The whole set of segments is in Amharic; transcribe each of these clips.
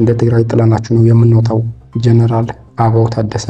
እንደ ትግራይ ጥለናችሁ ነው የምንወጣው። ጀነራል አበባው ታደሰ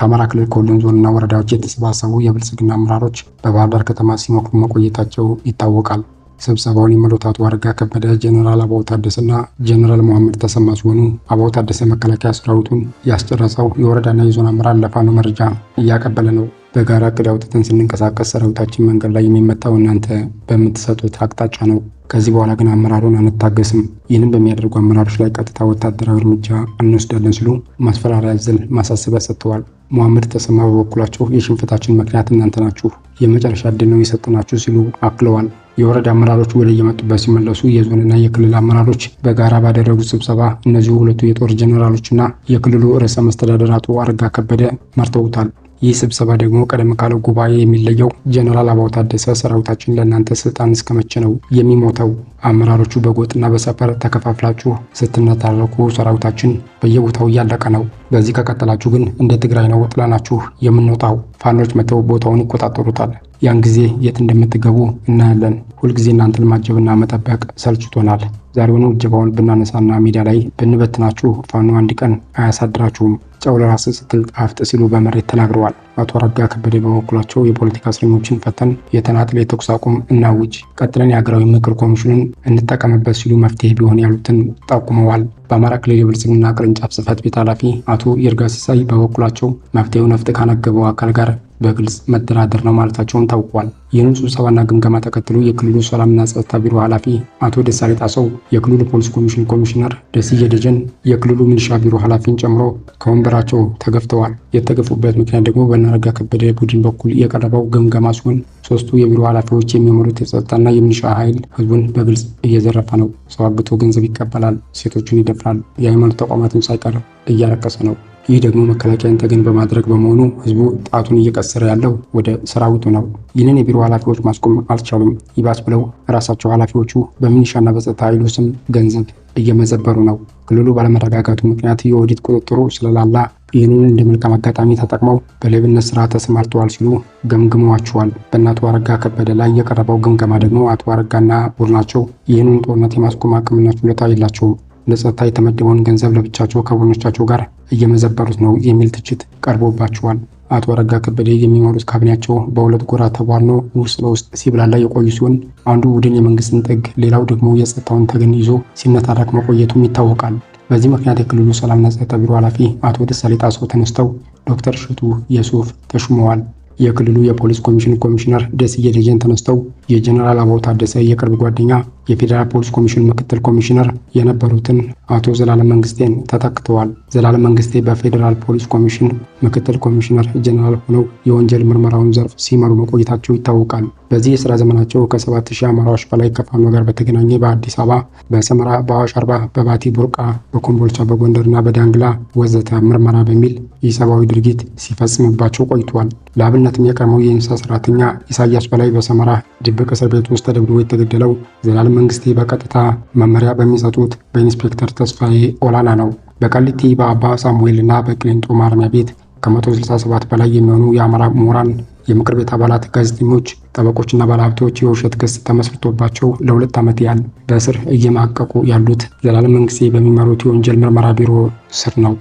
ከአማራ ክልል ከሁሉም ዞንና ወረዳዎች የተሰባሰቡ የብልጽግና አመራሮች በባህር ዳር ከተማ ሲመክሩ መቆየታቸው ይታወቃል። ስብሰባውን የመሩት አቶ አረጋ ከበደ ጀነራል አበባው ታደሰና ጀነራል መሐመድ ተሰማ ሲሆኑ አበባው ታደሰ መከላከያ ሰራዊቱን ያስጨረሰው የወረዳና የዞን አመራር ለፋኖ መረጃ እያቀበለ ነው። በጋራ እቅድ አውጥተን ስንንቀሳቀስ ሰራዊታችን መንገድ ላይ የሚመታው እናንተ በምትሰጡት አቅጣጫ ነው። ከዚህ በኋላ ግን አመራሩን አንታገስም፣ ይህንን በሚያደርጉ አመራሮች ላይ ቀጥታ ወታደራዊ እርምጃ እንወስዳለን ሲሉ ማስፈራሪያ ዘል ማሳሰቢያ ሰጥተዋል። መሐመድ ተሰማ በበኩላቸው የሽንፈታችን ምክንያት እናንተ ናችሁ፣ የመጨረሻ እድል ነው የሰጠናችሁ ሲሉ አክለዋል። የወረዳ አመራሮች ወደ እየመጡበት ሲመለሱ የዞንና የክልል አመራሮች በጋራ ባደረጉት ስብሰባ እነዚሁ ሁለቱ የጦር ጀኔራሎችና የክልሉ ርዕሰ መስተዳደር አቶ አረጋ ከበደ መርተውታል። ይህ ስብሰባ ደግሞ ቀደም ካለው ጉባኤ የሚለየው ጀነራል አበባው ታደሰ ሰራዊታችን ለእናንተ ስልጣን እስከመቼ ነው የሚሞተው? አመራሮቹ በጎጥና በሰፈር ተከፋፍላችሁ ስትነታረኩ ሰራዊታችን በየቦታው እያለቀ ነው። በዚህ ከቀጠላችሁ ግን እንደ ትግራይ ነው ጥላናችሁ የምንወጣው። ፋኖች መተው ቦታውን ይቆጣጠሩታል። ያን ጊዜ የት እንደምትገቡ እናያለን። ሁልጊዜ እናንተን ማጀብና መጠበቅ ሰልችቶናል። ዛሬውኑ እጀባውን ብናነሳና ሜዳ ላይ ብንበትናችሁ ፋኖ አንድ ቀን አያሳድራችሁም። ጨው ለራስህ ስትል ጣፍጥ ሲሉ በመሬት ተናግረዋል። አቶ አረጋ ከበደ በበኩላቸው የፖለቲካ እስረኞችን ፈተን የተናጥል የተኩስ አቁም እናውጅ፣ ቀጥለን የሀገራዊ ምክር ኮሚሽኑን እንጠቀምበት ሲሉ መፍትሄ ቢሆን ያሉትን ጠቁመዋል። በአማራ ክልል የብልጽግና ቅርንጫፍ ጽህፈት ቤት ኃላፊ አቶ ይርጋ ሲሳይ በበኩላቸው መፍትሄው ነፍጥ ካነገበው አካል ጋር በግልጽ መደራደር ነው ማለታቸውን ታውቋል። ይህንን ስብሰባና ግምገማ ተከትሎ የክልሉ ሰላምና ጸጥታ ቢሮ ኃላፊ አቶ ደሳሌ ጣሰው፣ የክልሉ ፖሊስ ኮሚሽን ኮሚሽነር ደስዬ ደጀን የክልሉ ሚሊሻ ቢሮ ኃላፊን ጨምሮ ከወንበራቸው ተገፍተዋል። የተገፉበት ምክንያት ደግሞ በናረጋ ከበደ ቡድን በኩል የቀረበው ግምገማ ሲሆን ሶስቱ የቢሮ ኃላፊዎች የሚመሩት የጸጥታና የሚሊሻ ኃይል ህዝቡን በግልጽ እየዘረፈ ነው። ሰው አግቶ ገንዘብ ይቀበላል፣ ሴቶችን ይደፍራል፣ የሃይማኖት ተቋማትን ሳይቀር እያረከሰ ነው። ይህ ደግሞ መከላከያን ተገን በማድረግ በመሆኑ ህዝቡ ጣቱን እየቀሰረ ያለው ወደ ሰራዊቱ ነው። ይህንን የቢሮ ኃላፊዎች ማስቆም አልቻሉም። ይባስ ብለው ራሳቸው ኃላፊዎቹ በሚኒሻና በጸጥታ ኃይሉ ስም ገንዘብ እየመዘበሩ ነው። ክልሉ ባለመረጋጋቱ ምክንያት የኦዲት ቁጥጥሩ ስለላላ ይህንን እንደ መልካም አጋጣሚ ተጠቅመው በሌብነት ስራ ተሰማርተዋል ሲሉ ገምግመዋቸዋል። በእነ አቶ አረጋ ከበደ ላይ የቀረበው ግምገማ ደግሞ አቶ አረጋና ቡድናቸው ይህንን ጦርነት የማስቆም አቅምና ችሎታ የላቸውም፣ ለጸጥታ የተመደበውን ገንዘብ ለብቻቸው ከቡድኖቻቸው ጋር እየመዘበሩት ነው የሚል ትችት ቀርቦባቸዋል። አቶ አረጋ ከበደ የሚመሩት ካቢኔያቸው በሁለት ጎራ ተቧድኖ ውስጥ ለውስጥ ሲብላላ የቆዩ ሲሆን አንዱ ቡድን የመንግስትን ጥግ፣ ሌላው ደግሞ የጸጥታውን ተገን ይዞ ሲነታረክ መቆየቱም ይታወቃል። በዚህ ምክንያት የክልሉ ሰላምና ጸጥታ ቢሮ ኃላፊ አቶ ደሳሌ ጣሰው ተነስተው ዶክተር ሽቱ የሱፍ ተሹመዋል። የክልሉ የፖሊስ ኮሚሽን ኮሚሽነር ደስዬ ደጀን ተነስተው የጀኔራል አበባው ታደሰ የቅርብ ጓደኛ የፌዴራል ፖሊስ ኮሚሽን ምክትል ኮሚሽነር የነበሩትን አቶ ዘላለም መንግስቴን ተተክተዋል። ዘላለም መንግስቴ በፌዴራል ፖሊስ ኮሚሽን ምክትል ኮሚሽነር ጀኔራል ሆነው የወንጀል ምርመራውን ዘርፍ ሲመሩ መቆየታቸው ይታወቃል። በዚህ የስራ ዘመናቸው ከ7000 አማራዎች በላይ ከፋኖ ጋር በተገናኘ በአዲስ አበባ፣ በሰመራ፣ በአዋሽ አርባ፣ በባቲ ቡርቃ፣ በኮምቦልቻ፣ በጎንደርና በዳንግላ ወዘተ ምርመራ በሚል ኢሰብአዊ ድርጊት ሲፈጽምባቸው ቆይቷል። ለአብነትም የቀድሞው የኢንሳ ሰራተኛ ኢሳያስ በላይ በሰመራ ድብቅ እስር ቤት ውስጥ ተደብድቦ የተገደለው ዘላለም መንግስቴ በቀጥታ መመሪያ በሚሰጡት በኢንስፔክተር ተስፋዬ ኦላና ነው። በቃሊቲ በአባ ሳሙኤል እና በቅሊንጦ ማረሚያ ቤት ከ167 በላይ የሚሆኑ የአማራ ምሁራን የምክር ቤት አባላት፣ ጋዜጠኞች፣ ጠበቆችና ባለሀብቶች የውሸት ክስ ተመስርቶባቸው ለሁለት ዓመት ያህል በእስር እየማቀቁ ያሉት ዘላለም መንግስቴ በሚመሩት የወንጀል ምርመራ ቢሮ ስር ነው።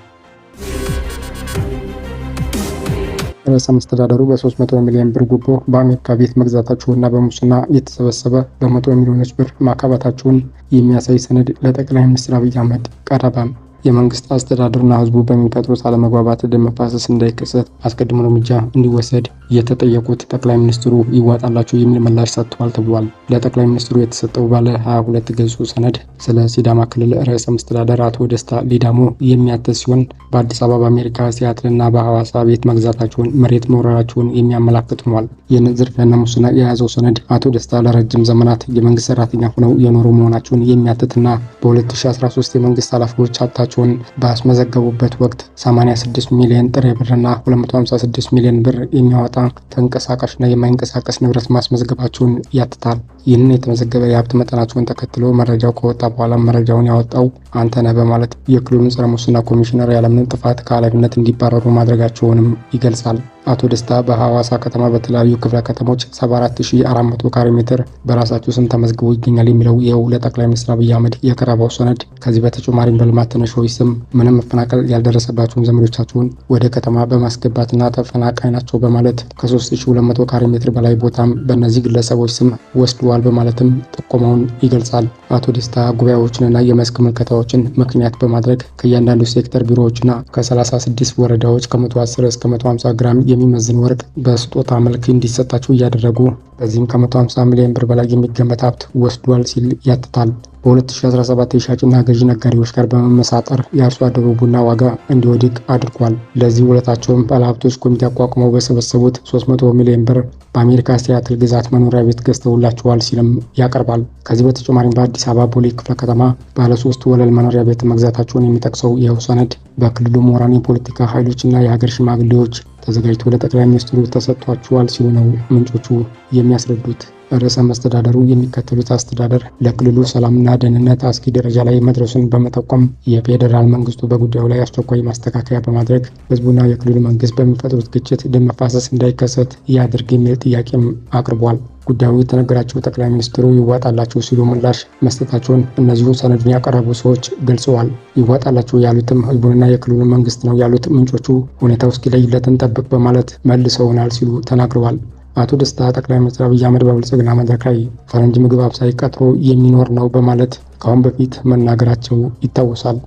ርዕሰ መስተዳደሩ በ300 ሚሊዮን ብር ጉቦ በአሜሪካ ቤት መግዛታቸውና በሙስና የተሰበሰበ በመቶ ሚሊዮኖች ብር ማካባታቸውን የሚያሳይ ሰነድ ለጠቅላይ ሚኒስትር አብይ አህመድ ቀረበ። የመንግስት አስተዳደርና ህዝቡ በሚፈጥሩት አለመግባባት ደም መፋሰስ እንዳይከሰት አስቀድሞ እርምጃ እንዲወሰድ የተጠየቁት ጠቅላይ ሚኒስትሩ ይዋጣላቸው የሚል ምላሽ ሰጥተዋል ተብሏል። ለጠቅላይ ሚኒስትሩ የተሰጠው ባለ 22 ገጹ ሰነድ ስለ ሲዳማ ክልል ርዕሰ መስተዳደር አቶ ደስታ ሊዳሞ የሚያተስ ሲሆን በአዲስ አበባ በአሜሪካ ሲያትልና በሐዋሳ ቤት መግዛታቸውን፣ መሬት መውረራቸውን የሚያመላክት ሆኗል። የንዝር ዝርፊያና የያዘው ሰነድ አቶ ደስታ ለረጅም ዘመናት የመንግስት ሰራተኛ ሆነው የኖሩ መሆናቸውን የሚያትትና በ2013 የመንግስት ኃላፊዎች አታ ገቢያቸውን ባስመዘገቡበት ወቅት 86 ሚሊዮን ጥሬ ብርና 256 ሚሊዮን ብር የሚያወጣ ተንቀሳቃሽና የማይንቀሳቀስ ንብረት ማስመዝገባቸውን ያትታል። ይህንን የተመዘገበ የሀብት መጠናቸውን ተከትሎ መረጃው ከወጣ በኋላ መረጃውን ያወጣው አንተነህ በማለት የክልሉን ጸረ ሙስና ኮሚሽነር ያለምንም ጥፋት ከኃላፊነት እንዲባረሩ ማድረጋቸውንም ይገልጻል። አቶ ደስታ በሐዋሳ ከተማ በተለያዩ ክፍለ ከተሞች 74400 ካሬ ሜትር በራሳቸው ስም ተመዝግቦ ይገኛል የሚለው ይኸው ለጠቅላይ ሚኒስትር አብይ አህመድ የቀረበው ሰነድ። ከዚህ በተጨማሪም በልማት ተነሺዎች ስም ምንም መፈናቀል ያልደረሰባቸውን ዘመዶቻቸውን ወደ ከተማ በማስገባትና ተፈናቃይ ናቸው በማለት ከ3200 ካሬ ሜትር በላይ ቦታም በእነዚህ ግለሰቦች ስም ወስደዋል በማለትም ጥቆማውን ይገልጻል። አቶ ደስታ ጉባኤዎችንና የመስክ ምልከታዎችን ምክንያት በማድረግ ከእያንዳንዱ ሴክተር ቢሮዎችና ከ36 ወረዳዎች ከ110 እስከ 150 ግራም የሚመዝን ወርቅ በስጦታ መልክ እንዲሰጣቸው እያደረጉ በዚህም ከ150 ሚሊዮን ብር በላይ የሚገመት ሀብት ወስዷል ሲል ያትታል። በ2017 የሻጭና ገዢ ነጋዴዎች ጋር በመመሳጠር የአርሶ አደሩ ቡና ዋጋ እንዲወድቅ አድርጓል። ለዚህ ውለታቸውም ባለሀብቶች ኮሚቴ አቋቁመው በሰበሰቡት 300 ሚሊዮን ብር በአሜሪካ ሲያትል ግዛት መኖሪያ ቤት ገዝተውላቸዋል ሲልም ያቀርባል። ከዚህ በተጨማሪም በአዲስ አበባ ቦሌ ክፍለ ከተማ ባለሶስት ወለል መኖሪያ ቤት መግዛታቸውን የሚጠቅሰው ይኸው ሰነድ በክልሉ ምሁራን፣ የፖለቲካ ኃይሎችና የሀገር ሽማግሌዎች ተዘጋጅቶ ለጠቅላይ ሚኒስትሩ ተሰጥቷቸዋል ሲሆ ነው ምንጮቹ የሚያስረዱት። ርዕሰ መስተዳደሩ የሚከተሉት አስተዳደር ለክልሉ ሰላምና ደህንነት አስጊ ደረጃ ላይ መድረሱን በመጠቆም የፌዴራል መንግስቱ በጉዳዩ ላይ አስቸኳይ ማስተካከያ በማድረግ ህዝቡና የክልሉ መንግስት በሚፈጥሩት ግጭት ደም መፋሰስ እንዳይከሰት ያድርግ የሚል ጥያቄም አቅርቧል። ጉዳዩ የተነገራቸው ጠቅላይ ሚኒስትሩ ይዋጣላቸው ሲሉ ምላሽ መስጠታቸውን እነዚሁ ሰነዱን ያቀረቡ ሰዎች ገልጸዋል። ይዋጣላቸው ያሉትም ህዝቡንና የክልሉ መንግስት ነው ያሉት ምንጮቹ ሁኔታው እስኪለይለት እንጠብቅ በማለት መልሰውናል ሲሉ ተናግረዋል። አቶ ደስታ ጠቅላይ ሚኒስትር አብይ አህመድ በብልጽግና መድረክ ላይ ፈረንጅ ምግብ አብሳይ ቀጥሮ የሚኖር ነው በማለት ከአሁን በፊት መናገራቸው ይታወሳል።